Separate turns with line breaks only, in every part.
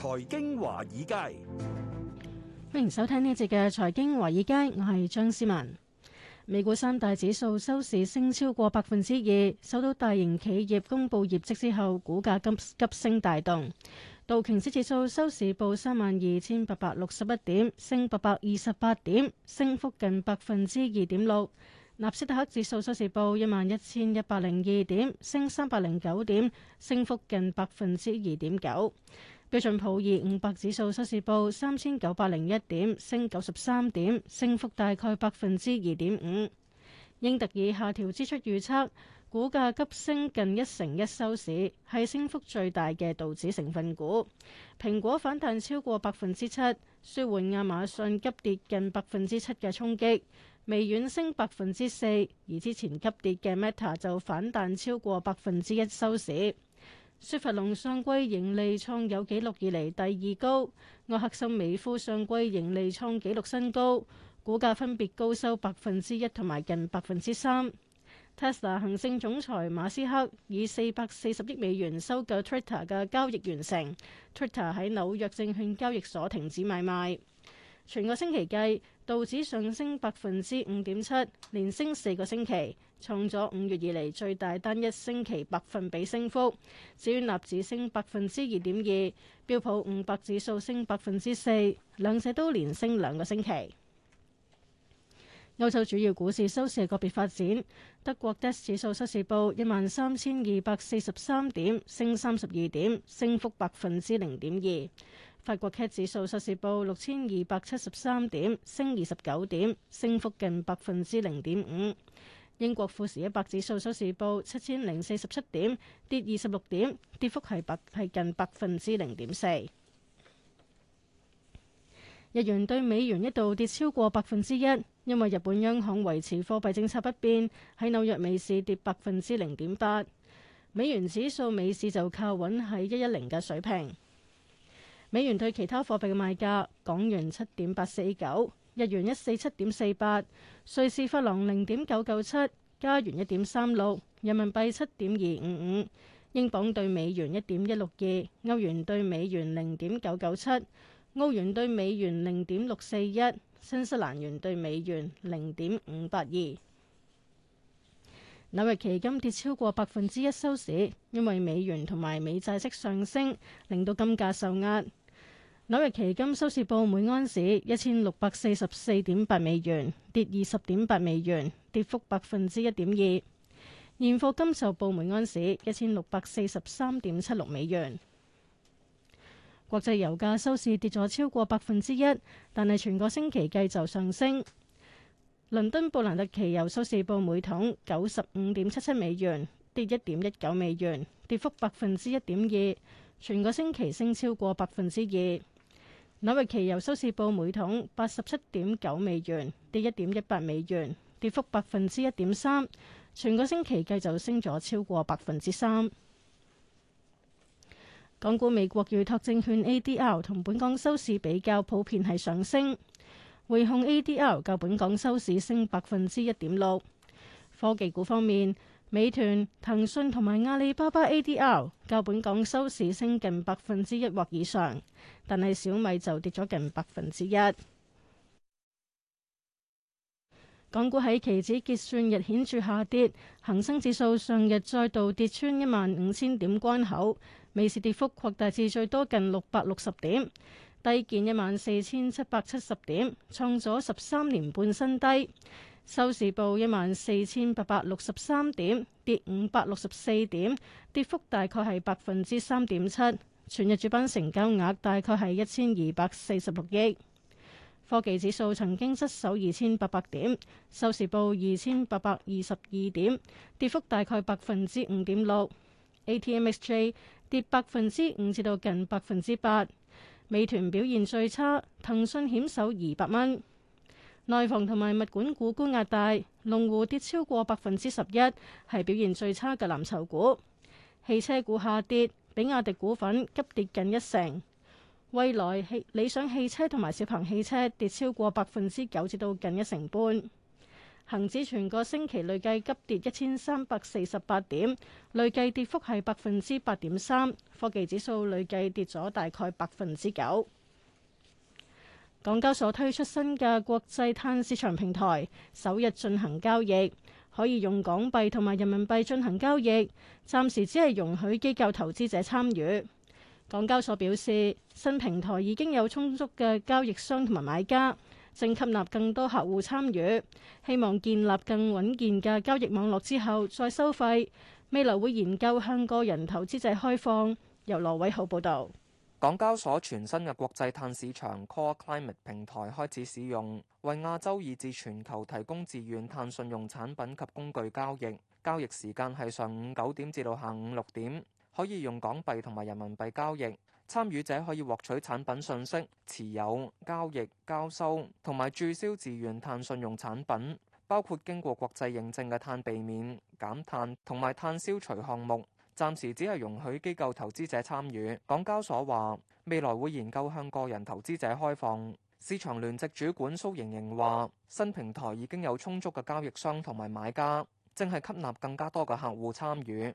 財經華爾街，
歡迎收聽呢一節嘅財經華爾街。我係張思文。美股三大指數收市升超過百分之二，受到大型企業公布業績之後，股價急急升帶動道瓊斯指數收市報三萬二千八百六十一點，升八百二十八點，升幅近百分之二點六。納斯達克指數收市報一萬一千一百零二點，升三百零九點，升幅近百分之二點九。標準普爾五百指數收市報三千九百零一點，升九十三點，升幅大概百分之二點五。英特爾下調支出預測，股價急升近一成一收市，係升幅最大嘅道指成分股。蘋果反彈超過百分之七，舒緩亞馬遜急跌近百分之七嘅衝擊，微軟升百分之四，而之前急跌嘅 Meta 就反彈超過百分之一收市。雪佛龍上季盈利創有紀錄以嚟第二高，埃克森美孚上季盈利創紀錄新高，股價分別高收百分之一同埋近百分之三。Tesla 行政總裁馬斯克以四百四十億美元收購 Twitter 嘅交易完成，Twitter 喺紐約證券交易所停止買賣。全個星期計，道指上升百分之五點七，連升四個星期。創咗五月以嚟最大單一星期百分比升幅，至於納指升百分之二點二，標普五百指數升百分之四，兩者都連升兩個星期。歐洲主要股市收市個別發展，德國 DAX 指數收市報一萬三千二百四十三點，升三十二點，升幅百分之零點二；法國 CAC 指數收市報六千二百七十三點，升二十九點，升幅近百分之零點五。英國富時一百指數收市報七千零四十七點，跌二十六點，跌幅係百係近百分之零點四。日元對美元一度跌超過百分之一，因為日本央行維持貨幣政策不變，喺紐約美市跌百分之零點八。美元指數美市就靠穩喺一一零嘅水平。美元對其他貨幣嘅賣價，港元七點八四九。日元一四七點四八，瑞士法郎零點九九七，加元一點三六，人民幣七點二五五，英鎊對美元一點一六二，歐元對美元零點九九七，澳元對美元零點六四一，新西蘭元對美元零點五八二。紐約期金跌超過百分之一收市，因為美元同埋美債息上升，令到金價受壓。紐約期金收市報每安士一千六百四十四點八美元，跌二十點八美元，跌幅百分之一點二。現貨金售報每安士一千六百四十三點七六美元。國際油價收市跌咗超過百分之一，但係全個星期計就上升。倫敦布蘭特期油收市報每桶九十五點七七美元，跌一點一九美元，跌幅百分之一點二。全個星期升超過百分之二。紐約期油收市報每桶八十七點九美元，跌一點一八美元，跌幅百分之一點三。全個星期繼續就升咗超過百分之三。港股美國預託證券 ADR 同本港收市比較，普遍係上升。匯控 ADR 較本港收市升百分之一點六。科技股方面。美團、騰訊同埋阿里巴巴 ADR，較本港收市升近百分之一或以上，但係小米就跌咗近百分之一。港股喺期指結算日顯著下跌，恒生指數上日再度跌穿一萬五千點關口，尾市跌幅擴大至最多近六百六十點，低見一萬四千七百七十點，創咗十三年半新低。收市報一萬四千八百六十三點，跌五百六十四點，跌幅大概係百分之三點七。全日主板成交額大概係一千二百四十六億。科技指數曾經失守二千八百點，收市報二千八百二十二點，跌幅大概百分之五點六。ATMXJ 跌百分之五至到近百分之八。美團表現最差，騰訊險守二百蚊。內房同埋物管股沽壓大，龍湖跌超過百分之十一，係表現最差嘅藍籌股。汽車股下跌，比亞迪股份急跌近一成。蔚來汽、理想汽車同埋小鵬汽車跌超過百分之九，至到近一成半。恒指全個星期累計急跌一千三百四十八點，累計跌幅係百分之八點三。科技指數累計跌咗大概百分之九。港交所推出新嘅國際碳市場平台，首日進行交易，可以用港幣同埋人民幣進行交易。暫時只係容許機構投資者參與。港交所表示，新平台已經有充足嘅交易商同埋買家，正吸納更多客戶參與，希望建立更穩健嘅交易網絡之後再收費。未來會研究向個人投資者開放。由羅偉浩報道。
港交所全新嘅國際碳市場 Core Climate 平台開始使用，為亞洲以至全球提供自願碳，碳信用產品及工具交易。交易時間係上午九點至到下午六點，可以用港幣同埋人民幣交易。參與者可以獲取產品信息、持有、交易、交收同埋註銷自願碳信用產品，包括經過國際認證嘅碳避免、減碳同埋碳消除項目。暫時只係容許機構投資者參與，港交所話未來會研究向個人投資者開放。市場聯席主管蘇瑩瑩話：新平台已經有充足嘅交易商同埋買家，正係吸納更加多嘅客戶參與。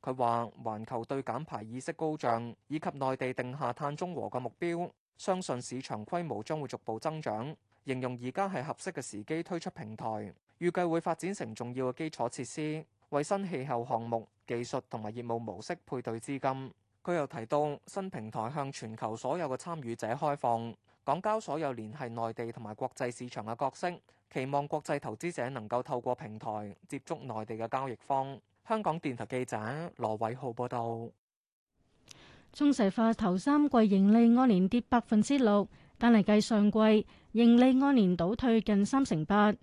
佢話：環球對減排意識高漲，以及內地定下碳中和嘅目標，相信市場規模將會逐步增長。形容而家係合適嘅時機推出平台，預計會發展成重要嘅基礎設施，為新氣候項目、技術同埋業務模式配對資金。佢又提到，新平台向全球所有嘅參與者開放。港交所有聯繫內地同埋國際市場嘅角色，期望國際投資者能夠透過平台接觸內地嘅交易方。香港電台記者羅偉浩報道，
中石化頭三季盈利按年跌百分之六，但係繼上季盈利按年倒退近三成八。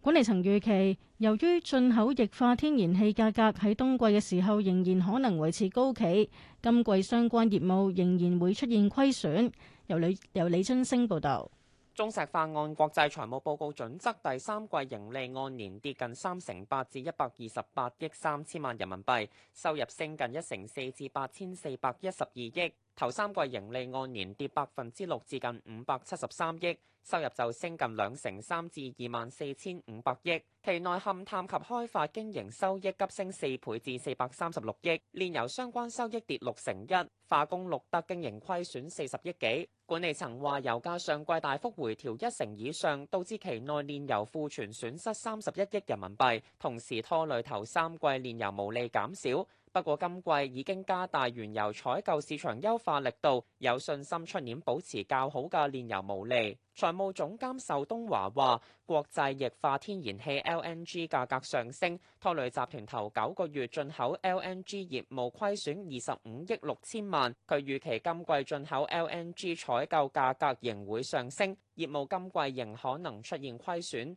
管理層預期，由於進口液化天然氣價格喺冬季嘅時候仍然可能維持高企，今季相關業務仍然會出現虧損。由李由李春星報道。
中石化按國際財務報告準則，第三季盈利按年跌近三成八，至一百二十八億三千萬人民幣，收入升近一成四，至八千四百一十二億。頭三季盈利按年跌百分之六，至近五百七十三億，收入就升近兩成三，至二萬四千五百億。期內勘探及開發經營收益急升四倍至四百三十六億，煉油相關收益跌六成一，化工錄得經營虧損四十億幾。管理層話，油價上季大幅回調一成以上，導致期內煉油庫存損失三十一億人民幣，同時拖累頭三季煉油毛利減少。不過今季已經加大原油採購市場優化力度，有信心出年保持較好嘅煉油毛利。財務總監壽東華話，國際液化天然氣 LNG 價格上升，拖累集團頭九個月進口 LNG 業務虧損二十五億六千萬。佢預期今季進口 LNG 採購價格仍會上升，業務今季仍可能出現虧損。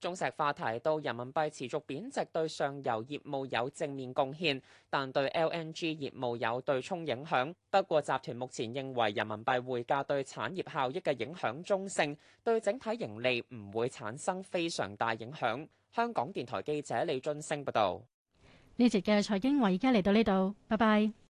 中石化提到，人民幣持續貶值對上游業務有正面貢獻，但對 LNG 業務有對沖影響。不過集團目前認為，人民幣匯價對產業效益嘅影響中性，對整體盈利唔會產生非常大影響。香港電台記者李俊升報道。
呢節嘅財經華爾街，而家嚟到呢度，拜拜。